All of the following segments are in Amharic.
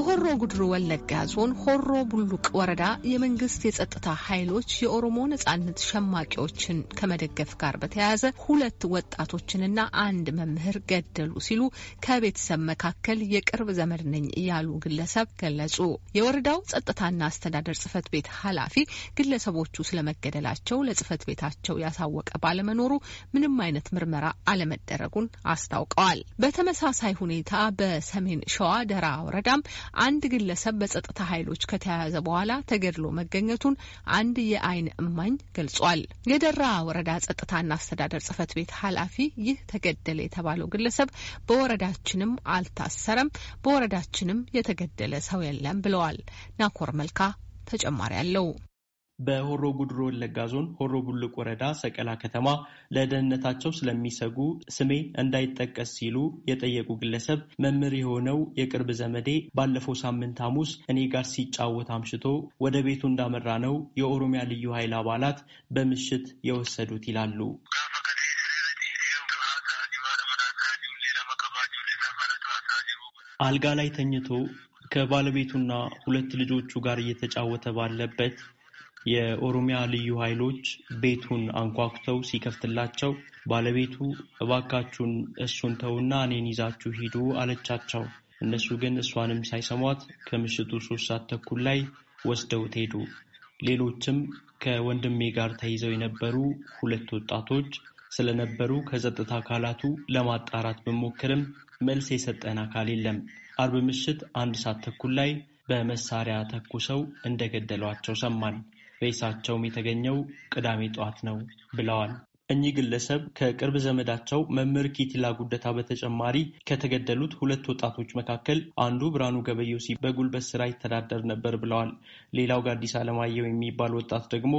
በሆሮ ጉድሩ ወለጋ ዞን ሆሮ ቡሉቅ ወረዳ የመንግስት የጸጥታ ኃይሎች የኦሮሞ ነጻነት ሸማቂዎችን ከመደገፍ ጋር በተያያዘ ሁለት ወጣቶችንና አንድ መምህር ገደሉ ሲሉ ከቤተሰብ መካከል የቅርብ ዘመድ ነኝ እያሉ ግለሰብ ገለጹ። የወረዳው ጸጥታና አስተዳደር ጽህፈት ቤት ኃላፊ ግለሰቦቹ ስለመገደላቸው ለጽህፈት ቤታቸው ያሳወቀ ባለመኖሩ ምንም አይነት ምርመራ አለመደረጉን አስታውቀዋል። በተመሳሳይ ሁኔታ በሰሜን ሸዋ ደራ ወረዳም አንድ ግለሰብ በጸጥታ ኃይሎች ከተያያዘ በኋላ ተገድሎ መገኘቱን አንድ የአይን እማኝ ገልጿል። የደራ ወረዳ ጸጥታና አስተዳደር ጽህፈት ቤት ኃላፊ ይህ ተገደለ የተባለው ግለሰብ በወረዳችንም አልታሰረም፣ በወረዳችንም የተገደለ ሰው የለም ብለዋል። ናኮር መልካ ተጨማሪ አለው። በሆሮ ጉድሮ ወለጋ ዞን ሆሮ ጉልቅ ወረዳ ሰቀላ ከተማ ለደህንነታቸው ስለሚሰጉ ስሜ እንዳይጠቀስ ሲሉ የጠየቁ ግለሰብ መምህር የሆነው የቅርብ ዘመዴ ባለፈው ሳምንት ሐሙስ እኔ ጋር ሲጫወት አምሽቶ ወደ ቤቱ እንዳመራ ነው የኦሮሚያ ልዩ ኃይል አባላት በምሽት የወሰዱት ይላሉ። አልጋ ላይ ተኝቶ ከባለቤቱና ሁለት ልጆቹ ጋር እየተጫወተ ባለበት የኦሮሚያ ልዩ ኃይሎች ቤቱን አንኳኩተው ሲከፍትላቸው ባለቤቱ እባካችሁን እሱን ተውና እኔን ይዛችሁ ሂዱ አለቻቸው። እነሱ ግን እሷንም ሳይሰሟት ከምሽቱ ሶስት ሰዓት ተኩል ላይ ወስደውት ሄዱ። ሌሎችም ከወንድሜ ጋር ተይዘው የነበሩ ሁለት ወጣቶች ስለነበሩ ከጸጥታ አካላቱ ለማጣራት ብሞክርም መልስ የሰጠን አካል የለም። አርብ ምሽት አንድ ሰዓት ተኩል ላይ በመሳሪያ ተኩሰው እንደገደሏቸው ሰማን። ሬሳቸውም የተገኘው ቅዳሜ ጠዋት ነው ብለዋል እኚህ ግለሰብ ከቅርብ ዘመዳቸው መምህር ኪቲላ ጉደታ በተጨማሪ ከተገደሉት ሁለት ወጣቶች መካከል አንዱ ብርሃኑ ገበየው ሲ በጉልበት ስራ ይተዳደር ነበር ብለዋል። ሌላው ጋዲስ አለማየሁ የሚባል ወጣት ደግሞ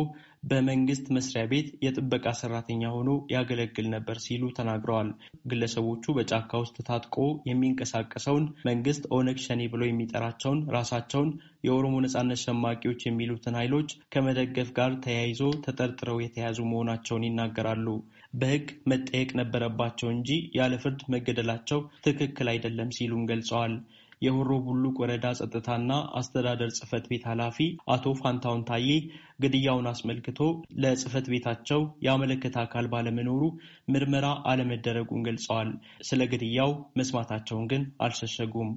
በመንግስት መስሪያ ቤት የጥበቃ ሰራተኛ ሆኖ ያገለግል ነበር ሲሉ ተናግረዋል። ግለሰቦቹ በጫካ ውስጥ ታጥቆ የሚንቀሳቀሰውን መንግስት ኦነግ ሸኔ ብሎ የሚጠራቸውን ራሳቸውን የኦሮሞ ነጻነት ሸማቂዎች የሚሉትን ኃይሎች ከመደገፍ ጋር ተያይዞ ተጠርጥረው የተያዙ መሆናቸውን ይናገራሉ። ይናገራሉ። በሕግ መጠየቅ ነበረባቸው እንጂ ያለ ፍርድ መገደላቸው ትክክል አይደለም ሲሉም ገልጸዋል። የሆሮ ቡሉቅ ወረዳ ጸጥታና አስተዳደር ጽህፈት ቤት ኃላፊ አቶ ፋንታውን ታዬ ግድያውን አስመልክቶ ለጽህፈት ቤታቸው ያመለከተ አካል ባለመኖሩ ምርመራ አለመደረጉን ገልጸዋል። ስለ ግድያው መስማታቸውን ግን አልሸሸጉም።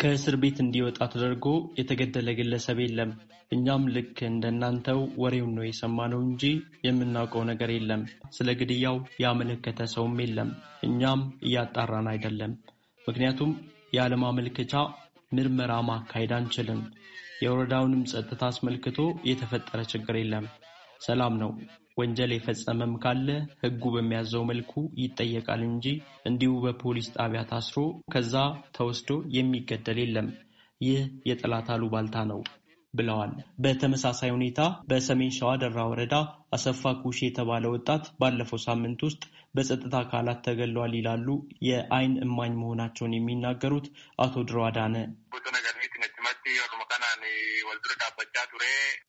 ከእስር ቤት እንዲወጣ ተደርጎ የተገደለ ግለሰብ የለም። እኛም ልክ እንደናንተው ወሬውን ነው የሰማነው እንጂ የምናውቀው ነገር የለም። ስለ ግድያው ያመለከተ ሰውም የለም። እኛም እያጣራን አይደለም። ምክንያቱም ያለ ምርመራ ማካሄድ አንችልም። የወረዳውንም ጸጥታ አስመልክቶ የተፈጠረ ችግር የለም። ሰላም ነው። ወንጀል የፈጸመም ካለ ህጉ በሚያዘው መልኩ ይጠየቃል እንጂ እንዲሁ በፖሊስ ጣቢያ ታስሮ ከዛ ተወስዶ የሚገደል የለም። ይህ የጠላት አሉባልታ ነው ብለዋል። በተመሳሳይ ሁኔታ በሰሜን ሸዋ ደራ ወረዳ አሰፋ ኩሽ የተባለ ወጣት ባለፈው ሳምንት ውስጥ በጸጥታ አካላት ተገለዋል ይላሉ የአይን እማኝ መሆናቸውን የሚናገሩት አቶ ድሮ አዳነ።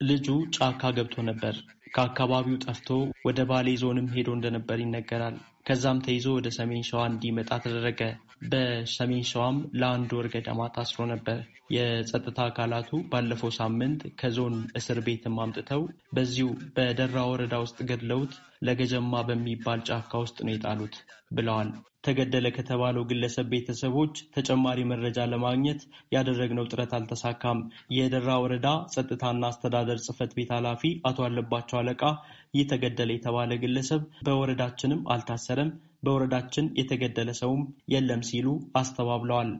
ልጁ ጫካ ገብቶ ነበር። ከአካባቢው ጠፍቶ ወደ ባሌ ዞንም ሄዶ እንደነበር ይነገራል። ከዛም ተይዞ ወደ ሰሜን ሸዋ እንዲመጣ ተደረገ። በሰሜን ሸዋም ለአንድ ወር ገደማ ታስሮ ነበር። የጸጥታ አካላቱ ባለፈው ሳምንት ከዞን እስር ቤትም አምጥተው በዚሁ በደራ ወረዳ ውስጥ ገድለውት ለገጀማ በሚባል ጫካ ውስጥ ነው የጣሉት ብለዋል ተገደለ ከተባለው ግለሰብ ቤተሰቦች ተጨማሪ መረጃ ለማግኘት ያደረግነው ጥረት አልተሳካም። የደራ ወረዳ ጸጥታና አስተዳደር ጽህፈት ቤት ኃላፊ አቶ አለባቸው አለቃ ይህ ተገደለ የተባለ ግለሰብ በወረዳችንም አልታሰረም፣ በወረዳችን የተገደለ ሰውም የለም ሲሉ አስተባብለዋል።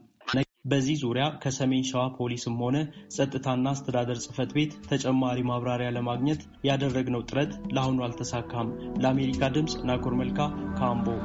በዚህ ዙሪያ ከሰሜን ሸዋ ፖሊስም ሆነ ጸጥታና አስተዳደር ጽህፈት ቤት ተጨማሪ ማብራሪያ ለማግኘት ያደረግነው ጥረት ለአሁኑ አልተሳካም። ለአሜሪካ ድምፅ ናኮር መልካ ካምቦ